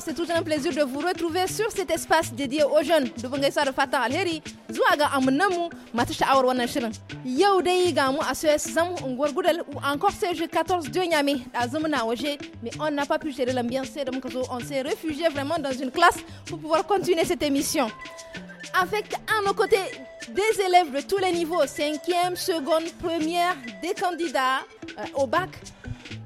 c'est toujours un plaisir de vous retrouver sur cet espace dédié aux jeunes. De Bangaisa da fatan alheri zuwa ga amunamu masu sha'awar wannan shirin. Yau dai ga mu zamu unguwar ou encore CG 14 de Niamey da zamuna mais on n'a pas pu gérer l'ambiance donc on s'est réfugié vraiment dans une classe pour pouvoir continuer cette émission. Avec à nos côtés des élèves de tous les niveaux, 5e, seconde, première, des candidats euh, au bac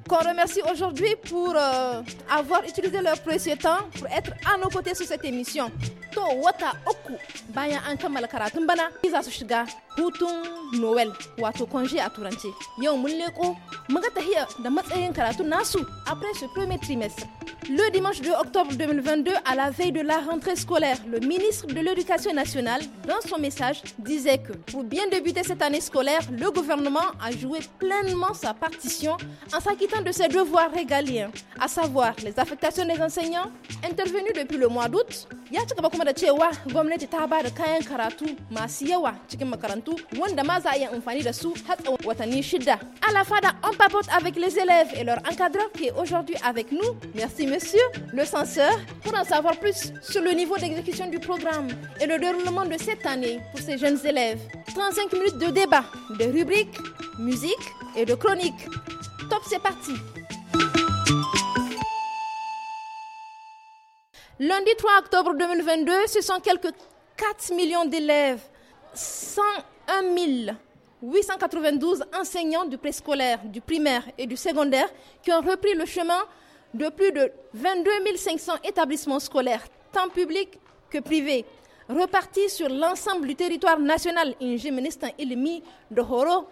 qu'on remercie aujourd'hui pour euh, avoir utilisé leur précieux temps pour être à nos côtés sur cette émission. To wata oku bayan an kammala karatun bana iza su shiga hutun Noel wato congé a turanci. Yau mun leko mun ga tahiya da matsayin karatun nasu après ce premier trimestre. Le dimanche 2 octobre 2022, à la veille de la rentrée scolaire, le ministre de l'Éducation nationale, dans son message, disait que pour bien débuter cette année scolaire, le gouvernement a joué pleinement sa partition en s'acquittant de ses devoirs régaliens, à savoir les affectations des enseignants intervenues depuis le mois d'août. À la on papote avec les élèves et leur qui est aujourd'hui avec nous. Merci, Monsieur le censeur pour en savoir plus sur le niveau d'exécution du programme et le déroulement de cette année pour ces jeunes élèves. 35 minutes de débat, de rubriques, musique et de chroniques. Top, c'est parti Lundi 3 octobre 2022, ce sont quelques 4 millions d'élèves, 101 892 enseignants du préscolaire, du primaire et du secondaire qui ont repris le chemin de plus de 22 500 établissements scolaires, tant publics que privés, repartis sur l'ensemble du territoire national horo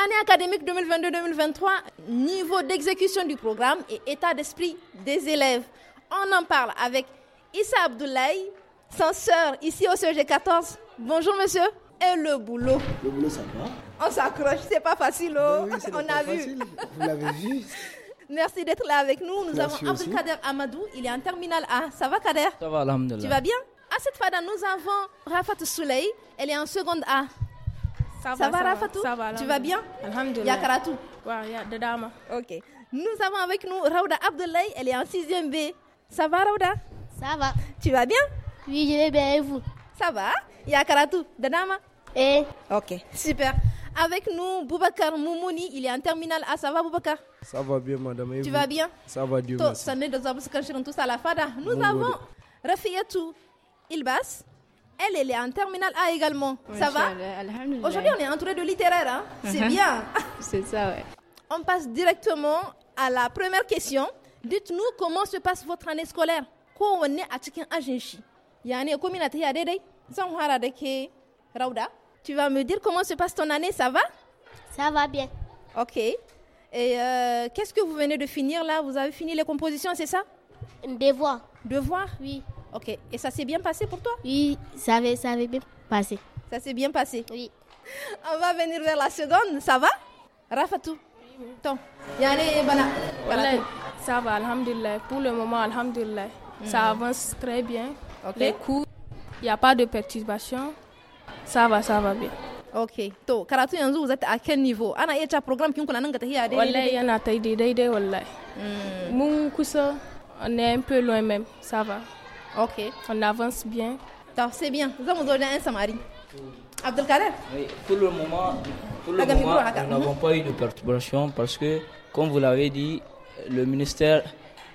Année académique 2022-2023, niveau d'exécution du programme et état d'esprit des élèves. On en parle avec Issa Abdoulaye, censeur ici au CG14. E Bonjour monsieur et le boulot. Le boulot, ça va On s'accroche, c'est pas facile. Oh. Ben On a vu. Facile. Vous l'avez vu Merci d'être là avec nous. Nous avons Abdelkader Amadou, il est en terminale A. Ça va Kader Ça va, alhamdulillah. Tu vas bien À cette fois-là, nous avons Rafat Souley, elle est en seconde A. Ça, va, Rafat Ça va, Tu vas bien Alhamdulillah. Yakaratou Ouais, ya de dama. Ok. Nous avons avec nous Raouda Abdoulaye, elle est en sixième B. Ça va Raouda Ça va. Tu vas bien Oui, je vais bien et vous Ça va Yakaratu, Danama Eh. Ok, super. Avec nous, Boubacar Moumouni, il est en Terminal A. Ah, ça va, Boubacar Ça va bien, madame. tu vas bien Ça va, Dieu merci. tous à la fada. Nous avons Rafiatou Ilbas. Elle, elle est en terminale A également. ça va Aujourd'hui, on est entouré de littéraires. Hein? Uh-huh. C'est bien. C'est ça, ouais. On passe directement à la première question. Dites-nous comment se passe votre année scolaire. Quoi on est à Tchikin Agenchi Il y a une communauté à tu vas me dire comment se passe ton année ça va ça va bien ok et euh, qu'est-ce que vous venez de finir là vous avez fini les compositions c'est ça devoir devoir oui ok et ça s'est bien passé pour toi oui ça avait, ça avait bien passé ça s'est bien passé oui on va venir vers la seconde ça va Rafatou Tant. Bana. Ça va, Alhamdulillah. Pour le moment, Alhamdulillah. Ça hmm. avance très bien. Les cours il n'y a pas de perturbation. Ça va, ça va bien. Ok. donc, Karatou yanzu vous êtes à quel niveau? Ana a cewa program qui qui nous ga tahiya dai. Wallahi yana il y dai wallahi. Hmm. Mun kusa on est un peu loin même, ça va. Ok. On avance bien. C'est bien. Nous avons donné un samari. Abdelkader Oui, pour le moment, pour le moment nous n'avons mhm. pas eu de perturbation parce que, comme vous l'avez dit, le ministère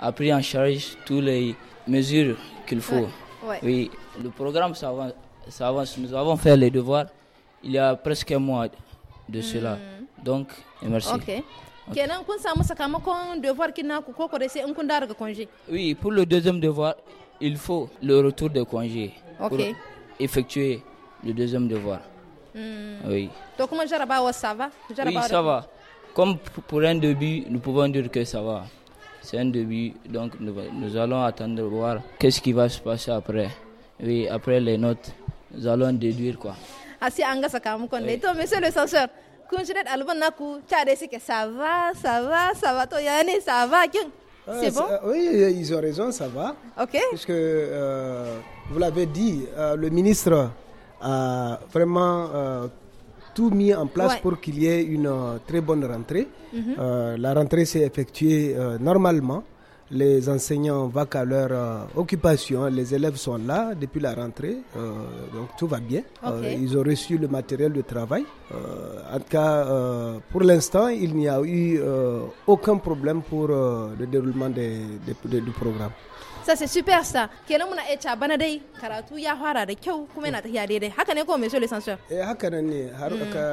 a pris en charge toutes les mesures qu'il faut. Oui, le programme s'avance. ça Nous avons fait les devoirs il y a presque un mois de cela. Hmm. Donc, merci. Ok. oui pour le deuxième devoir il faut le retour de congé Ok. effectuer le deuxième devoir hmm. oui donc comment ça va oui ça va comme pour un début nous pouvons dire que ça va c'est un début, donc nous, allons attendre voir qu'est-ce qui va se passer après. Oui, après les notes, nous allons déduire quoi. Asi anga on Oui. monsieur le censeur, kunjinet alban naku, tchade que ça va, ça va, ça va Toi, yani, ça va ah, C'est bon Oui, ils ont raison, ça va. OK. que euh, vous l'avez dit, euh, le ministre a vraiment euh, tout mis en place pour qu'il y ait une euh, très bonne rentrée. Mhm. Euh, la rentrée s'est effectuée euh, normalement. Les enseignants vont à leur occupation, les élèves sont là depuis la rentrée, donc tout va bien. ils ont reçu le matériel de travail. en tout cas, pour l'instant, il n'y a eu aucun problème pour le déroulement du programme. ça c'est super star kenan muna iya bana dai karatu ya fara da kyau kuma yana tafiya daidai haka ne ko mai le sansuwa eh haka nan ne har mm. ka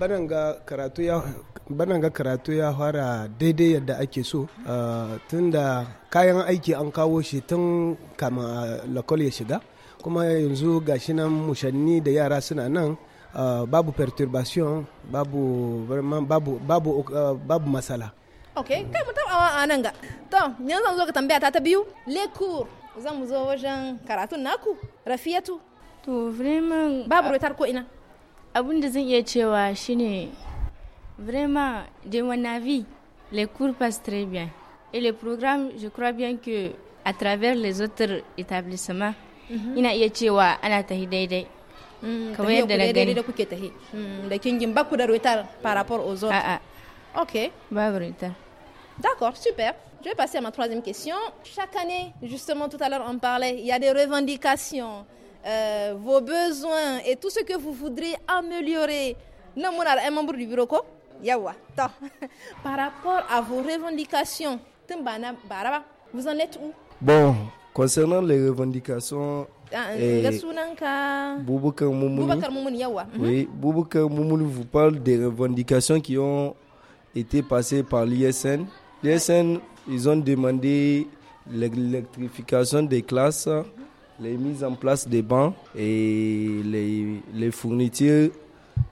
banan ga karatu ya banan ga karatu ya fara daidai yadda ake so ah, tunda kayan aiki an kawo shi tun kama ah, lakol ya shiga kuma yanzu gashi nan mushanni da yara suna nan ah, babu perturbation babu babu babu, babu matsala ok kai mu taba a nan ga to yanzu zan zo ka tambaya ta ta biyu lekur zan mu zo wajen karatun naku Rafiatu. to vraiment babu rotar ko ina abin da zan iya cewa shine vraiment de mon avis le cours passe très bien et le programme je crois bien que à travers les autres établissements mhm. ina iya cewa ana tahi daidai mm, kamar yadda na gani da kuke tahi mm, da kingin ba ku da rotar par rapport aux autres Ah, ah. ok babu rotar D'accord, super. Je vais passer à ma troisième question. Chaque année, justement, tout à l'heure, on parlait, il y a des revendications, euh, vos besoins et tout ce que vous voudrez améliorer. un membre du bureau, Par rapport à vos revendications, vous en êtes où Bon, concernant les revendications, ah, eh, mhm. oui, Boubacar Moumouni vous parle des revendications qui ont été passées par l'ISN DSN, ils ont demandé l'électrification des classes, les mises en place des bancs et les, fournitures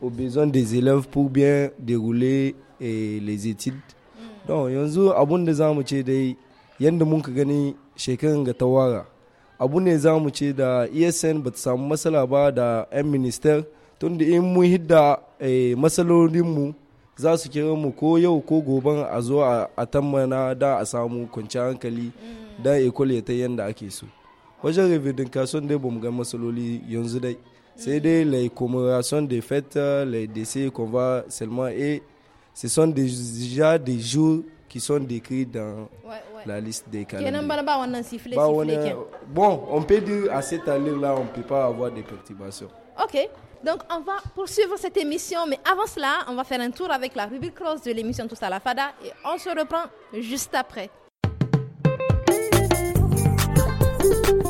aux besoins des élèves pour bien dérouler les études. Mm. Donc, yanzu abun da za mu ce dai yadda muka gani shekaran ga tawara abu ne za mu ce da esn ba ta samu ministère, ba da 'yan minister tunda in mun hidda eh, za su kira mu ko yau ko goban a zo a tammana da a samu kwanciyar hankali mm. da ekol ya ta yadda ake so wajen revidin kasuwan dai ba mu ga matsaloli yanzu dai c'est des mm. les commémorations des fêtes, les décès qu'on va seulement et ce sont déjà des jours qui sont décrits dans la liste des calendriers. bon, on peut dire à cette allure-là, on peut pas avoir des perturbations. Ok. Donc, on va poursuivre cette émission, mais avant cela, on va faire un tour avec la rubrique cross de l'émission Tous à la Fada et on se reprend juste après.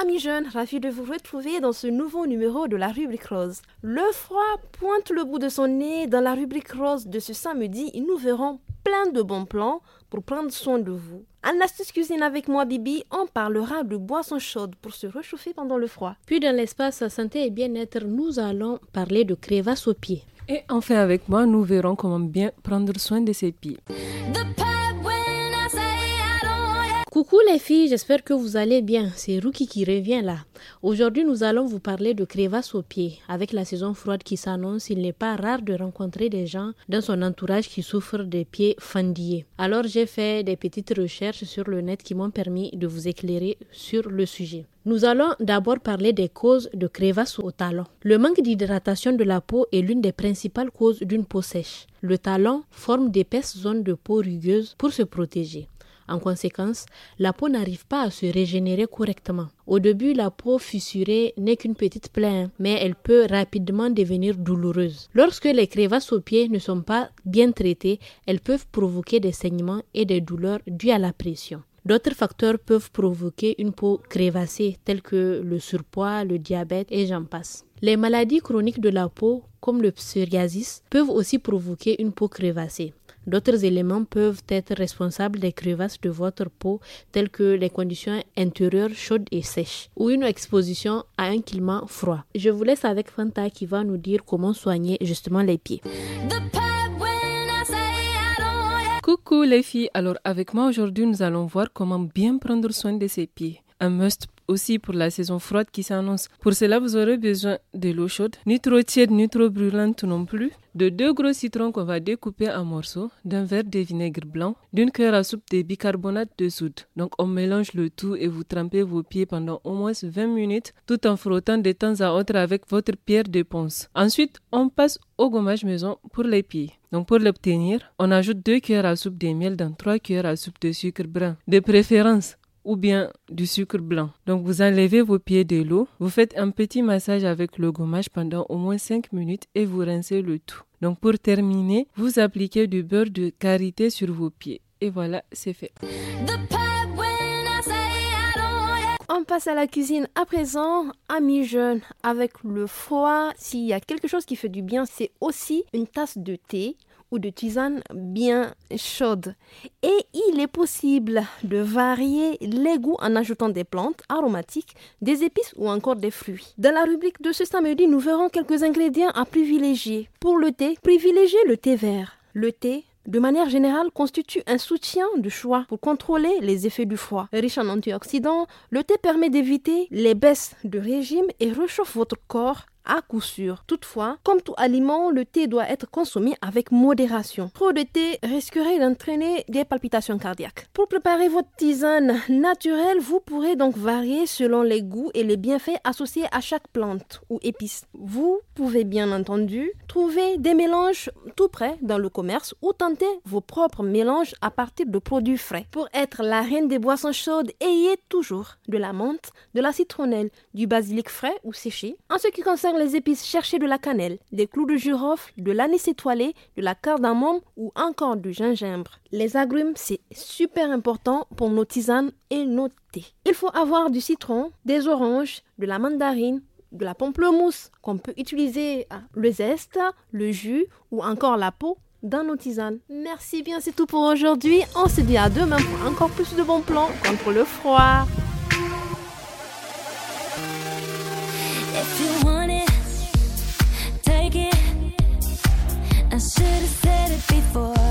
amis jeunes, ravi de vous retrouver dans ce nouveau numéro de la rubrique rose. Le froid pointe le bout de son nez. Dans la rubrique rose de ce samedi, nous verrons plein de bons plans pour prendre soin de vous. En astuce cuisine avec moi Bibi, on parlera de boissons chaudes pour se réchauffer pendant le froid. Puis dans l'espace santé et bien-être, nous allons parler de crevasses aux pieds. Et enfin avec moi, nous verrons comment bien prendre soin de ses pieds les filles, j'espère que vous allez bien. C'est Ruki qui revient là. Aujourd'hui, nous allons vous parler de crevasses aux pieds. Avec la saison froide qui s'annonce, il n'est pas rare de rencontrer des gens dans son entourage qui souffrent des pieds fendillés. Alors, j'ai fait des petites recherches sur le net qui m'ont permis de vous éclairer sur le sujet. Nous allons d'abord parler des causes de crevasses au talon. Le manque d'hydratation de la peau est l'une des principales causes d'une peau sèche. Le talon forme d'épaisses zones de peau rugueuse pour se protéger. En conséquence, la peau n'arrive pas à se régénérer correctement. Au début, la peau fissurée n'est qu'une petite plaie, mais elle peut rapidement devenir douloureuse. Lorsque les crevasses au pied ne sont pas bien traitées, elles peuvent provoquer des saignements et des douleurs dues à la pression. D'autres facteurs peuvent provoquer une peau crévassée, tels que le surpoids, le diabète et j'en passe. Les maladies chroniques de la peau, comme le psoriasis, peuvent aussi provoquer une peau crévassée. D'autres éléments peuvent être responsables des crevasses de votre peau, telles que les conditions intérieures chaudes et sèches, ou une exposition à un climat froid. Je vous laisse avec Fanta qui va nous dire comment soigner justement les pieds. Coucou les filles, alors avec moi aujourd'hui nous allons voir comment bien prendre soin de ses pieds un must aussi pour la saison froide qui s'annonce. Pour cela, vous aurez besoin de l'eau chaude, ni trop tiède, ni trop brûlante non plus, de deux gros citrons qu'on va découper en morceaux, d'un verre de vinaigre blanc, d'une cuillère à soupe de bicarbonate de soude. Donc on mélange le tout et vous trempez vos pieds pendant au moins 20 minutes tout en frottant de temps à autre avec votre pierre de ponce. Ensuite, on passe au gommage maison pour les pieds. Donc pour l'obtenir, on ajoute deux cuillères à soupe de miel dans trois cuillères à soupe de sucre brun, de préférence ou bien du sucre blanc. Donc vous enlevez vos pieds de l'eau, vous faites un petit massage avec le gommage pendant au moins 5 minutes et vous rincez le tout. Donc pour terminer, vous appliquez du beurre de karité sur vos pieds. Et voilà, c'est fait. On passe à la cuisine à présent, amis jeunes, avec le froid. S'il y a quelque chose qui fait du bien, c'est aussi une tasse de thé ou de tisane bien chaude. Et il est possible de varier les goûts en ajoutant des plantes aromatiques, des épices ou encore des fruits. Dans la rubrique de ce samedi, nous verrons quelques ingrédients à privilégier. Pour le thé, privilégiez le thé vert. Le thé, de manière générale, constitue un soutien de choix pour contrôler les effets du froid. Riche en antioxydants, le thé permet d'éviter les baisses de régime et réchauffe votre corps à coup sûr. Toutefois, comme tout aliment, le thé doit être consommé avec modération. Trop de thé risquerait d'entraîner des palpitations cardiaques. Pour préparer votre tisane naturelle, vous pourrez donc varier selon les goûts et les bienfaits associés à chaque plante ou épice. Vous pouvez bien entendu trouver des mélanges tout près dans le commerce ou tenter vos propres mélanges à partir de produits frais. Pour être la reine des boissons chaudes, ayez toujours de la menthe, de la citronnelle, du basilic frais ou séché. En ce qui concerne les épices, chercher de la cannelle, des clous de girofle, de l'anis étoilé, de la cardamome ou encore du gingembre. Les agrumes, c'est super important pour nos tisanes et nos thés. Il faut avoir du citron, des oranges, de la mandarine, de la pamplemousse qu'on peut utiliser hein, le zeste, le jus ou encore la peau dans nos tisanes. Merci bien, c'est tout pour aujourd'hui. On se dit à demain pour encore plus de bons plans contre le froid. Should've said it before.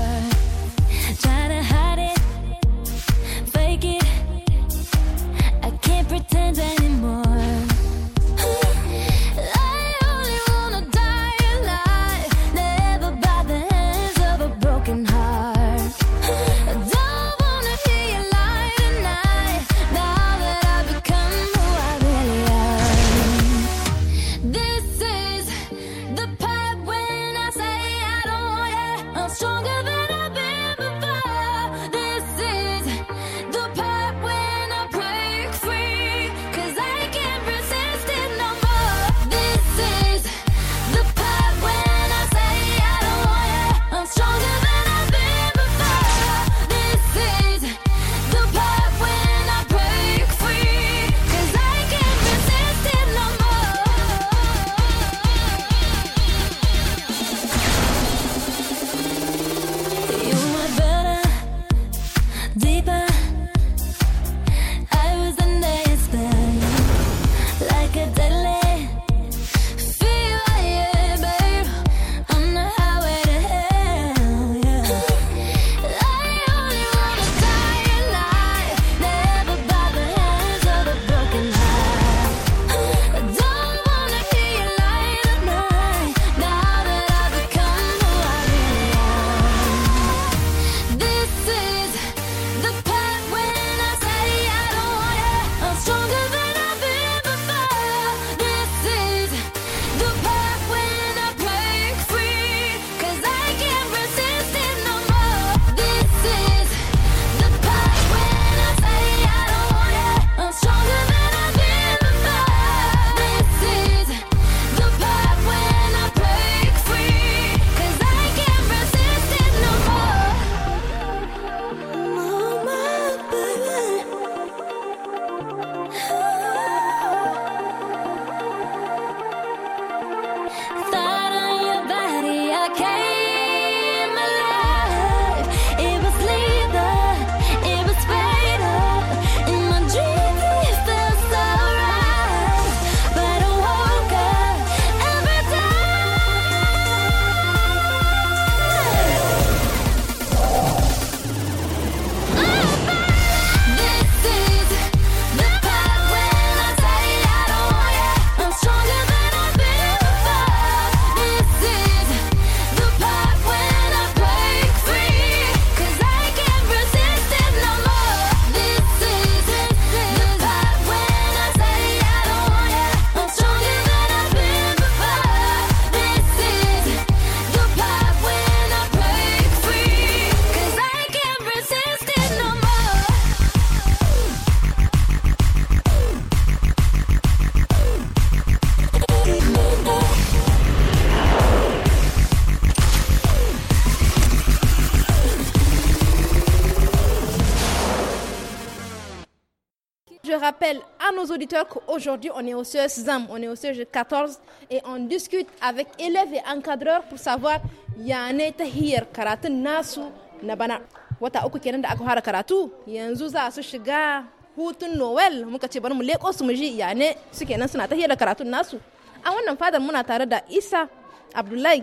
auditeurs qu'aujourd'hui, on est au CESZAM, on est au CES 14 et on discute avec élèves et encadreurs pour savoir yane ta hiyar karatun nasu na bana. Wata uku kenan da aka fara karatu yanzu za su shiga hutun Noel muka ce bari mu leko su mu ji yane suke nan suna ta hiyar karatun nasu. A wannan fadar muna tare da Isa Abdullahi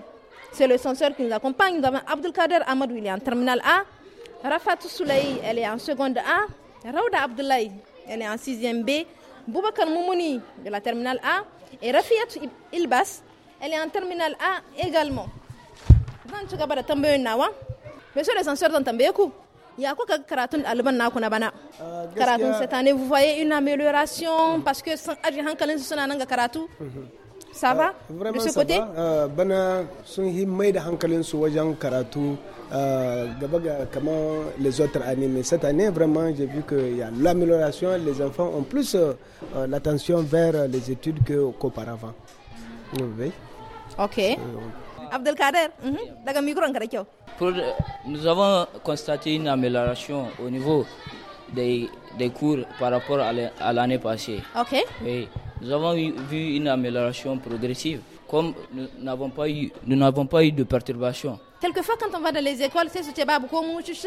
c'est le censeur qui nous accompagne. Nous avons Abdul Kader Ahmad William terminal A. Rafatou Souley, elle est en seconde A. Rauda Abdoulaye, elle est en 6e B. Boubacar Moumouni de la terminale A et Rafiat Ilbas, elle est en terminale A également. Monsieur le censeur d'Antambeyekou, il y a quoi que Karatun Alban Nakunabana euh, Karatoun, cette année, vous voyez une amélioration parce que sans Adjihan Kalin Karatou. Mhm ça va euh, de ce côté euh, ben, euh mai da su wajen karatu comment euh, les autres années mais cette année vraiment j'ai vu qu'il y a l'amélioration les enfants ont plus l'attention vers les études qu'auparavant oui. ok Abdelkader, mhm. micro -hmm. nous avons constaté une amélioration au niveau des, des cours par rapport à l'année passée. Ok. Oui. Nous avons vu une amélioration progressive, comme nous n'avons pas eu, nous n'avons pas eu de perturbations. Quelquefois, quand on va dans les écoles, c'est ce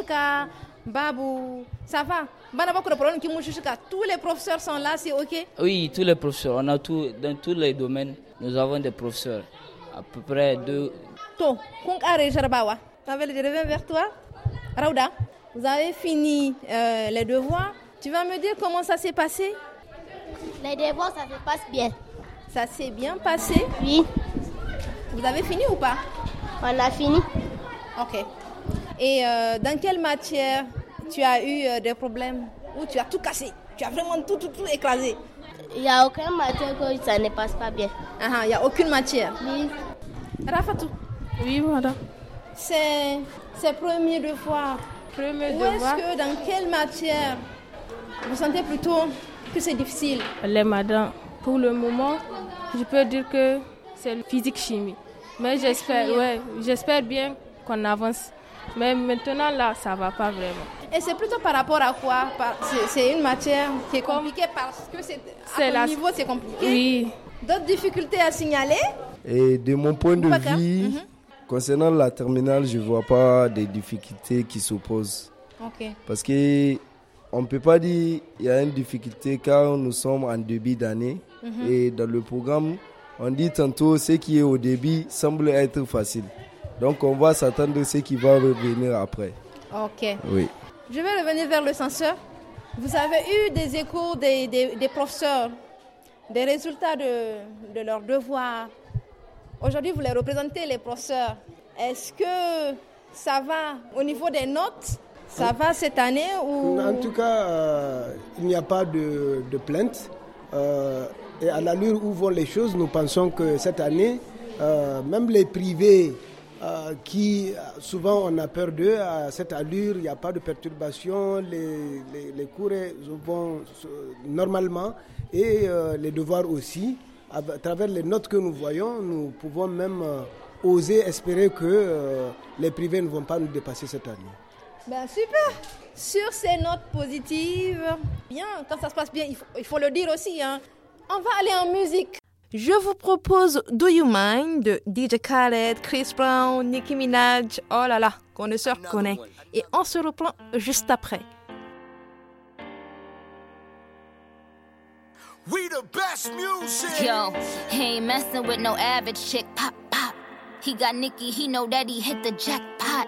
Babou, ça va. Tous les professeurs sont là, c'est OK Oui, tous les professeurs. On a tout, dans tous les domaines, nous avons des professeurs. À peu près deux. Ton, je reviens vers toi. Rauda, vous avez fini euh, les devoirs. Tu vas me dire comment ça s'est passé les devoirs, ça se passe bien. Ça s'est bien passé Oui. Vous avez fini ou pas On a fini. Ok. Et euh, dans quelle matière tu as eu euh, des problèmes Ou tu as tout cassé Tu as vraiment tout, tout, tout écrasé Il n'y a aucune matière que ça ne passe pas bien. Ah, ah il n'y a aucune matière Oui. Rafatou Oui, madame. C'est, c'est premier devoir. Premier Où Est-ce que dans quelle matière vous sentez plutôt c'est difficile Les madames, pour le moment, je peux dire que c'est physique-chimie. Mais j'espère, ouais, j'espère bien qu'on avance. Mais maintenant, là, ça va pas vraiment. Et c'est plutôt par rapport à quoi C'est une matière qui est compliquée parce que c'est à la... niveau, c'est compliqué. Oui. D'autres difficultés à signaler Et de mon point de vue, mhm. concernant la terminale, je vois pas des difficultés qui s'opposent. Ok. Parce que on ne peut pas dire qu'il y a une difficulté car nous sommes en début d'année mhm. et dans le programme, on dit tantôt ce qui est au début semble être facile. Donc on va s'attendre à ce qui va revenir après. Ok. Oui. Je vais revenir vers le censeur. Vous avez eu des échos des, des, des professeurs, des résultats de, de leurs devoirs. Aujourd'hui, vous les représentez, les professeurs. Est-ce que ça va au niveau des notes ça va cette année ou... En tout cas, euh, il n'y a pas de, plainte. Euh, et à l'allure où vont les choses, nous pensons que cette année, euh, même les privés qui souvent on a peur d'eux, à cette allure, il n'y a pas de perturbation, les, les, les cours vont normalement et les devoirs aussi. À travers les notes que nous voyons, nous pouvons même oser espérer que les privés ne vont pas nous dépasser cette année. Ben super Sur ces notes positives, bien, quand ça se passe bien, il faut, le dire aussi, hein. on va aller en musique. Je vous propose Do You Mind de DJ Khaled, Chris Brown, Nicki Minaj, oh là là, qu'on se connaît. Et on se reprend juste après. We the best music. He got Nicky, he know that he hit the jackpot.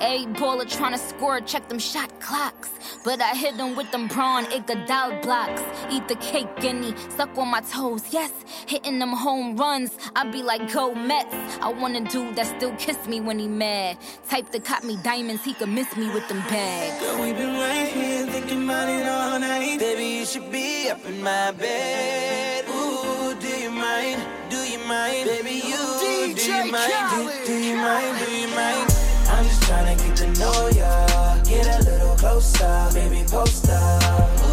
A baller tryna score, check them shot clocks. But I hit them with them brawn Iguodala blocks. Eat the cake, guinea, suck on my toes, yes. Hitting them home runs, I be like, go Mets. I want a dude that still kiss me when he mad. Type that cop me diamonds, he could miss me with them bags. Girl, we been right here thinking about it all night. Baby, you should be up in my bed. Ooh, do you mind? Do you mind? Baby, you do you mind? Do, you mind? Do you mind? I'm just trying to get to know ya. Get a little closer, baby, post up.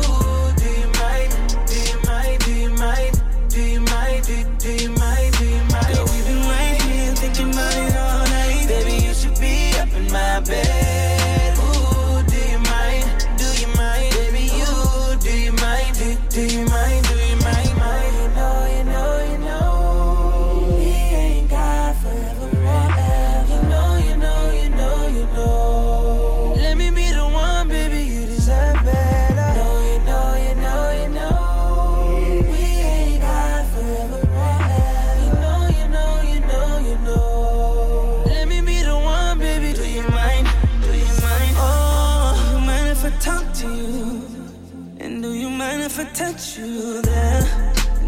touch you there,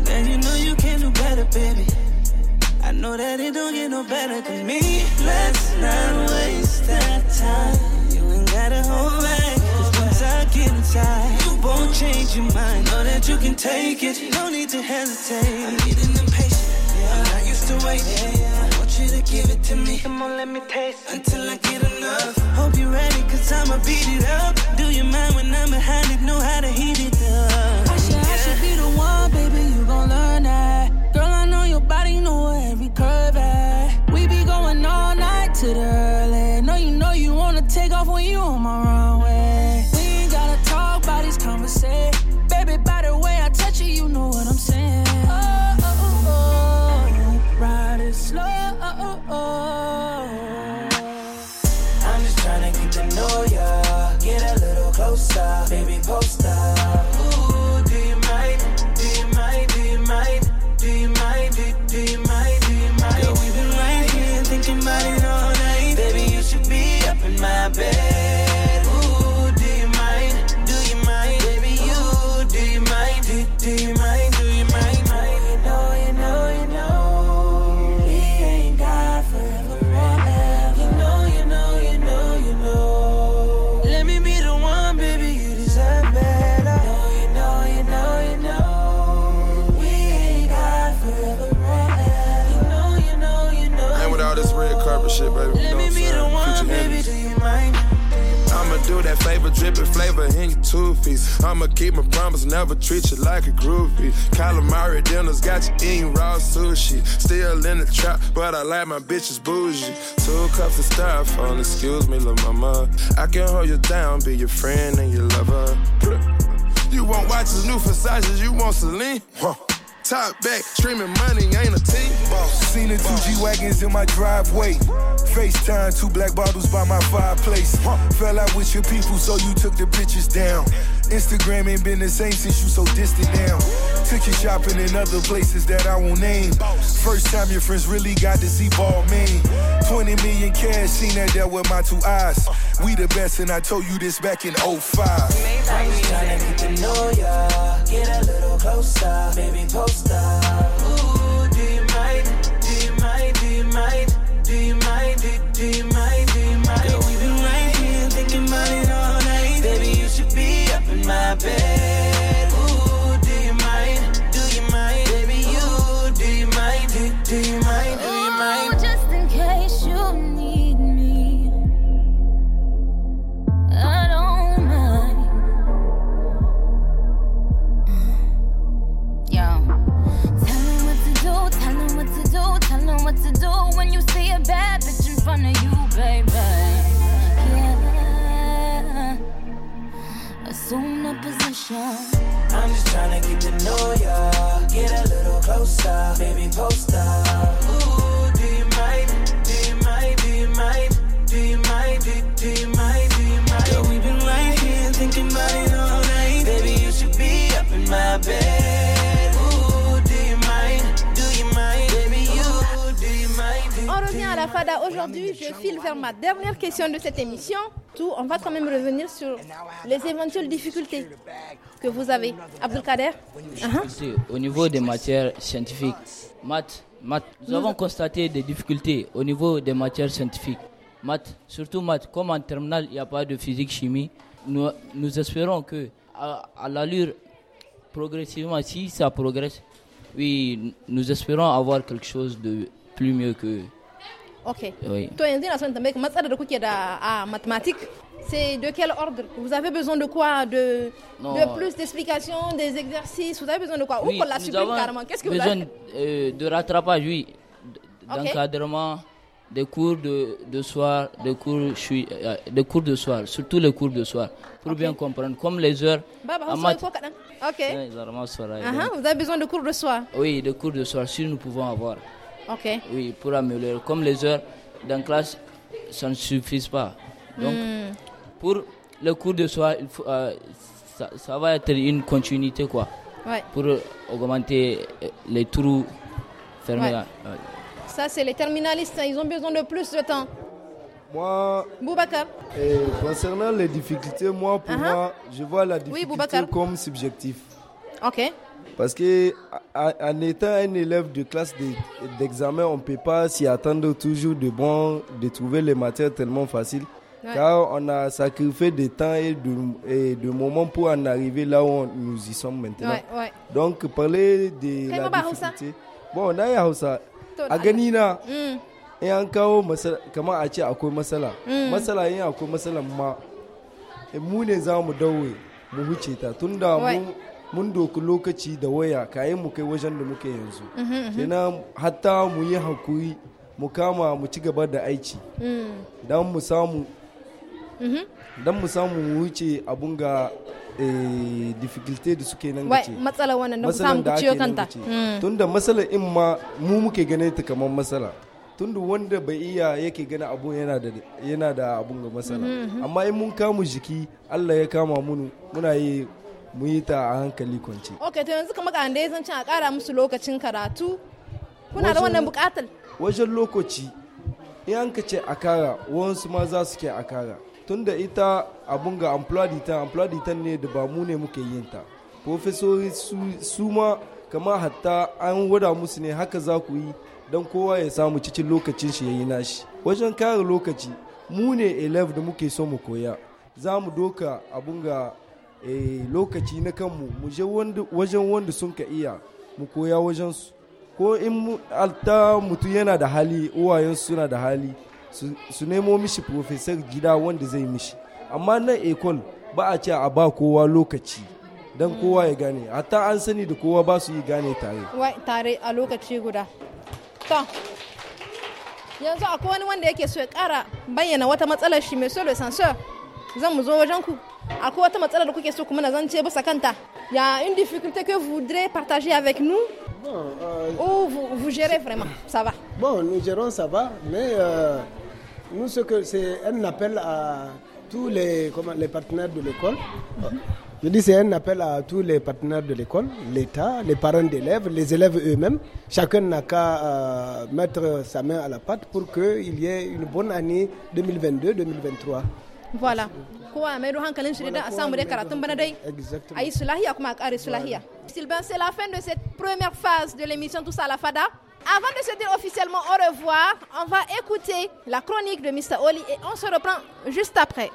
then you know you can do better, baby. I know that it don't get no better than me. Let's not waste that time. You ain't gotta hold back. Cause once I get inside, you won't change your mind. Know that you can take it. No need to hesitate. I'm getting impatient. Yeah. I'm not used to waiting. I want you to give it to me. Come on, let me taste. Until I get enough. Hope you're ready, cause I'ma beat it up. Do you mind when I'm behind it? Know how to heat it up. I'm just trying to get to know ya, get a little closer, baby, post up. two I'ma keep my promise, never treat you like a groovy. Calamari dinners got you eating raw sushi. Still in the trap, but I like my bitches bougie. Two cups of styrofoam, excuse me, little mama. I can hold you down, be your friend and your lover. You want watches, new Versace's, you want Celine? Huh. Top back, streaming money, ain't a team. Boss. Seen the two G Wagons in my driveway. FaceTime, two black bottles by my fireplace. Huh. Fell out with your people, so you took the pictures down. Instagram ain't been the same since you so distant now. Took you shopping in other places that I won't name. First time your friends really got to see ball man. 20 million cash, seen that there with my two eyes. We the best, and I told you this back in 05. Trying to get to know ya, get a little closer, baby up. aujourd'hui, je file vers ma dernière question de cette émission. Tout, on va quand même revenir sur les éventuelles difficultés que vous avez. Abdelkader uh uh-huh. Au niveau des matières scientifiques, maths, maths, nous, avons constaté des difficultés au niveau des matières scientifiques. Maths, surtout maths, comme en terminale, il n'y a pas de physique, chimie. Nous, nous espérons que, à, à l'allure progressivement, si ça progresse, oui, nous espérons avoir quelque chose de plus mieux que Ok. mathématiques. C'est de quel ordre Vous avez besoin de quoi de, de, plus d'explications, des exercices Vous avez besoin de quoi Ou pour la supprime carrément Qu'est-ce que vous avez besoin euh, de rattrapage, oui. D'encadrement, des cours de, de, soir, des cours, euh, des cours de soir, surtout les cours de soir, pour bien comprendre, comme les heures. Bah, bah, hein. ok. Uh-huh. vous avez besoin de cours de soir Oui, de cours de soir, si nous pouvons avoir. Oui, pour améliorer. Comme les heures dans classe, ça ne suffit pas. Donc, hmm. pour le cours de soir, il euh, ça, va être une continuité, quoi. Ouais. Pour euh, augmenter euh, les trous fermés. Ça, c'est les terminalistes, hein. ils ont besoin de plus de temps. Moi, Boubacar. Et concernant les difficultés, moi, pour uh-huh. moi, je vois la difficulté comme subjectif. OK. Parce que en étant un élève de classe d'examen, on ne peut pas s'y attendre toujours de bon, de trouver les matières tellement faciles. Car on a sacrifié des temps et de, de, moments pour en arriver là où nous y sommes maintenant. Donc, parler de la difficulté. Bon, on a Hausa. A ganina. In an kawo kamar a ce akwai matsala. il yin a matsala ma mu ne za mu je mu là. ta tunda mu mun doki lokaci da waya kayan mu kai wajen da muke yanzu mhm, mhm. kenan hatta mu yi hakuri mu kama mu ci gaba da aiki mm. don mu samu mhm. don mu samu mu wuce abun ga eh, difficulty da suke nan gace matsala wannan da samu ku ciyo kanta mm. tunda matsala in ma mu muke ganin ta kamar matsala tunda wanda bai iya yake gani abun yana da yana da abun ga matsala amma in mun kamu jiki Allah ya kama mu muna yi mu yi ta a hankali kwance. ok to yanzu kamar ga dai zan ci a kara musu lokacin karatu kuna da wannan bukatar wajen lokaci in an ka ce a kara wasu ma za su ke a kara da ita abun ga ampladitan ampladitan ne da ba mu ne muke yin ta profesori su ma kamar hatta an wada musu ne haka za ku yi don kowa ya samu cikin lokacin shi ya yi nashi wajen kara lokaci mu ne 11 da muke so mu koya za mu doka abun ga Eh, lokaci na kanmu mu je wajen wanda sun ka iya mu koya wajen su ko in alta mutum yana da hali uwayen suna da hali su nemo mishi professor gida wanda zai mishi amma nan ekol ba a ce a ba kowa lokaci don kowa ya gane hatta an sani da kowa ba su yi gane tare tare a lokaci guda to yanzu akwai wani wanda yake so ya kara bayyana wata matsalar shi mai solo sansor zan mu zo wajen ku Il y a une difficulté que vous voudrez partager avec nous euh, ou vous, gérez vraiment ça va bon nous gérons ça va mais euh, nous ce que c'est un appel à tous les comment, les partenaires de l'école mhm. Je dis c'est un appel à tous les partenaires de l'école, l'État, les parents d'élèves, les élèves eux-mêmes. Chacun n'a qu'à euh, mettre sa main à la pâte pour qu'il y ait une bonne année 2022-2023. Voilà. quoi mais c'est la fin de cette première phase de l'émission Tous à la Fada. Avant de se dire officiellement au revoir, on va écouter la chronique de Mr. Oli et on se reprend juste après.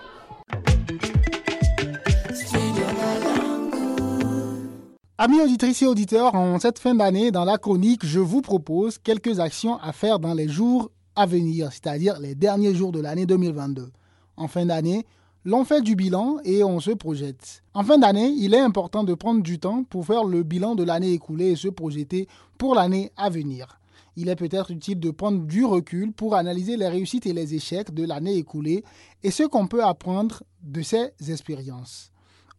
Amis auditrices et auditeurs, en cette fin d'année, dans la chronique, je vous propose quelques actions à faire dans les jours à venir, c'est-à-dire les derniers jours de l'année 2022 en fin d'année, l'on fait du bilan et on se projette. En fin d'année, il est important de prendre du temps pour faire le bilan de l'année écoulée et se projeter pour l'année à venir. Il est peut-être utile de prendre du recul pour analyser les réussites et les échecs de l'année écoulée et ce qu'on peut apprendre de ces expériences.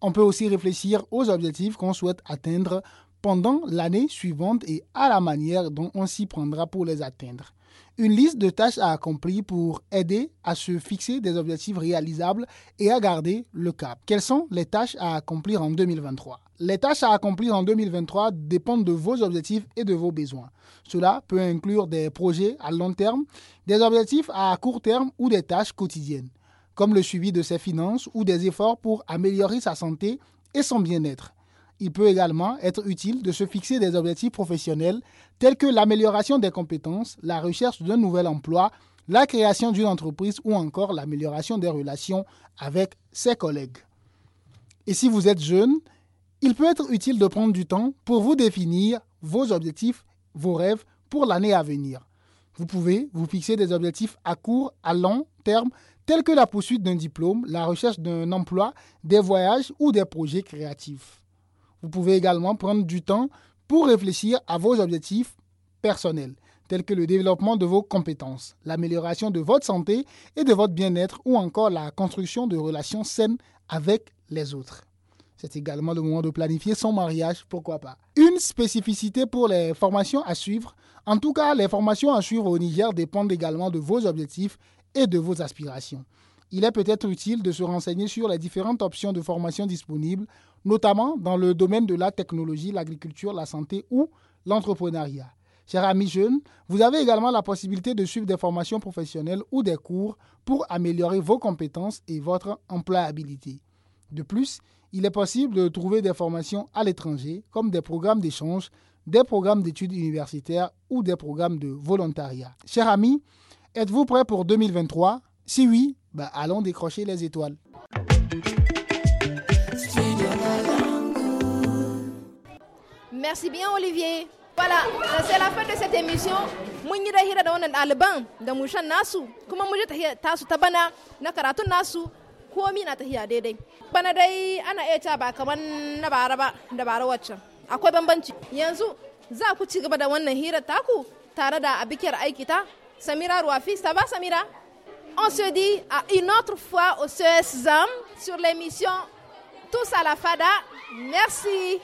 On peut aussi réfléchir aux objectifs qu'on souhaite atteindre pendant l'année suivante et à la manière dont on s'y prendra pour les atteindre une liste de tâches à accomplir pour aider à se fixer des objectifs réalisables et à garder le cap. Quelles sont les tâches à accomplir en 2023 Les tâches à accomplir en 2023 dépendent de vos objectifs et de vos besoins. Cela peut inclure des projets à long terme, des objectifs à court terme ou des tâches quotidiennes, comme le suivi de ses finances ou des efforts pour améliorer sa santé et son bien-être il peut également être utile de se fixer des objectifs professionnels tels que l'amélioration des compétences, la recherche d'un nouvel emploi, la création d'une entreprise ou encore l'amélioration des relations avec ses collègues. Et si vous êtes jeune, il peut être utile de prendre du temps pour vous définir vos objectifs, vos rêves pour l'année à venir. Vous pouvez vous fixer des objectifs à court, à long terme, tels que la poursuite d'un diplôme, la recherche d'un emploi, des voyages ou des projets créatifs. Vous pouvez également prendre du temps pour réfléchir à vos objectifs personnels, tels que le développement de vos compétences, l'amélioration de votre santé et de votre bien-être ou encore la construction de relations saines avec les autres. C'est également le moment de planifier son mariage, pourquoi pas. Une spécificité pour les formations à suivre, en tout cas les formations à suivre au Niger dépendent également de vos objectifs et de vos aspirations il est peut-être utile de se renseigner sur les différentes options de formation disponibles, notamment dans le domaine de la technologie, l'agriculture, la santé ou l'entrepreneuriat. Chers amis jeunes, vous avez également la possibilité de suivre des formations professionnelles ou des cours pour améliorer vos compétences et votre employabilité. De plus, il est possible de trouver des formations à l'étranger, comme des programmes d'échange, des programmes d'études universitaires ou des programmes de volontariat. Chers amis, êtes-vous prêts pour 2023 si oui, bah allons décrocher les étoiles. Merci bien Olivier. Voilà, c'est la fin de cette émission. Mun yi hira da wannan ɗaliban da mushan nasu kuma mun ji tasu ta bana na karatun nasu komi na tahiya daidai. Bana dai ana iya ta ba kamar na bara ba da bara waccan. Akwai bambanci. Yanzu za ku ci gaba da wannan hirar taku tare da abikiyar aiki ta Samira Ruwafi, ta ba Samira? on se dit à une autre fois au ZAM sur l'émission Tous à la FADA. Merci.